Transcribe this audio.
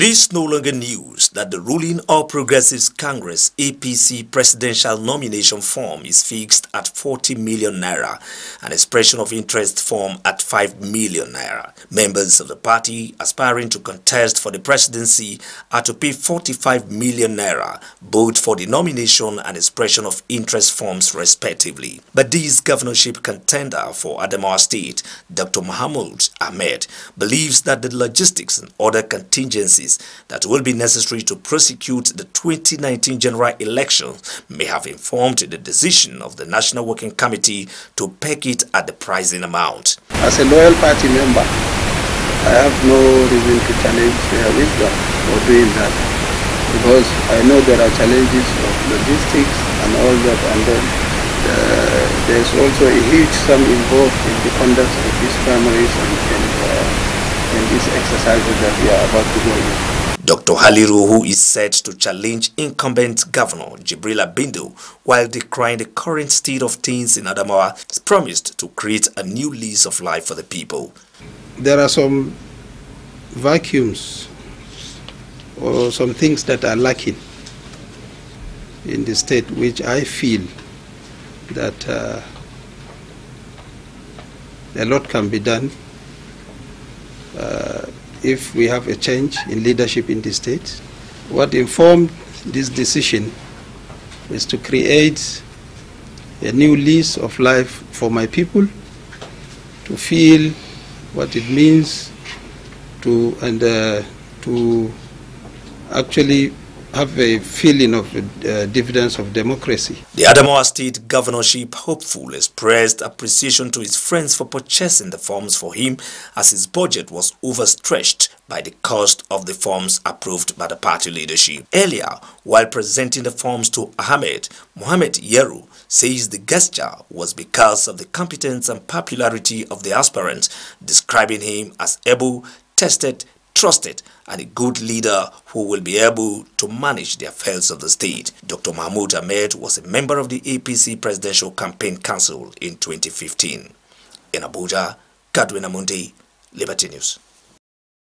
It is no longer news that the ruling All Progressives Congress APC presidential nomination form is fixed at 40 million naira, an expression of interest form at 5 million naira. Members of the party aspiring to contest for the presidency are to pay 45 million naira, both for the nomination and expression of interest forms respectively. But this governorship contender for Adamawa State, Dr. Muhammad Ahmed, believes that the logistics and other contingencies policies that will be necessary to prosecute the 2019 general election may have informed the decision of the National Working Committee to peg it at the pricing amount. As a loyal party member, I have no reason to challenge their wisdom for doing that because I know there are challenges of logistics and all that and then uh, there's also a huge sum involved in the conduct of these primaries and, and uh, in these exercises that we are about to go in. Dr. Haliru, who is set to challenge incumbent governor Jibrila Bindo while decrying the current state of things in Adamawa, has promised to create a new lease of life for the people. There are some vacuums or some things that are lacking in the state, which I feel that uh, a lot can be done if we have a change in leadership in the state. What informed this decision is to create a new lease of life for my people to feel what it means to and uh, to actually have a feeling of uh, dividends of democracy. The Adamawa State governorship hopeful expressed appreciation to his friends for purchasing the forms for him as his budget was overstretched by the cost of the forms approved by the party leadership. Earlier, while presenting the forms to Ahmed, Mohamed Yeru says the gesture was because of the competence and popularity of the aspirant, describing him as able, tested, trusted and a good leader who will be able to manage the affairs of the state. Dr. Mahmoud Ahmed was a member of the APC Presidential Campaign Council in 2015. In Abuja, Kadwin Amundi, Liberty News.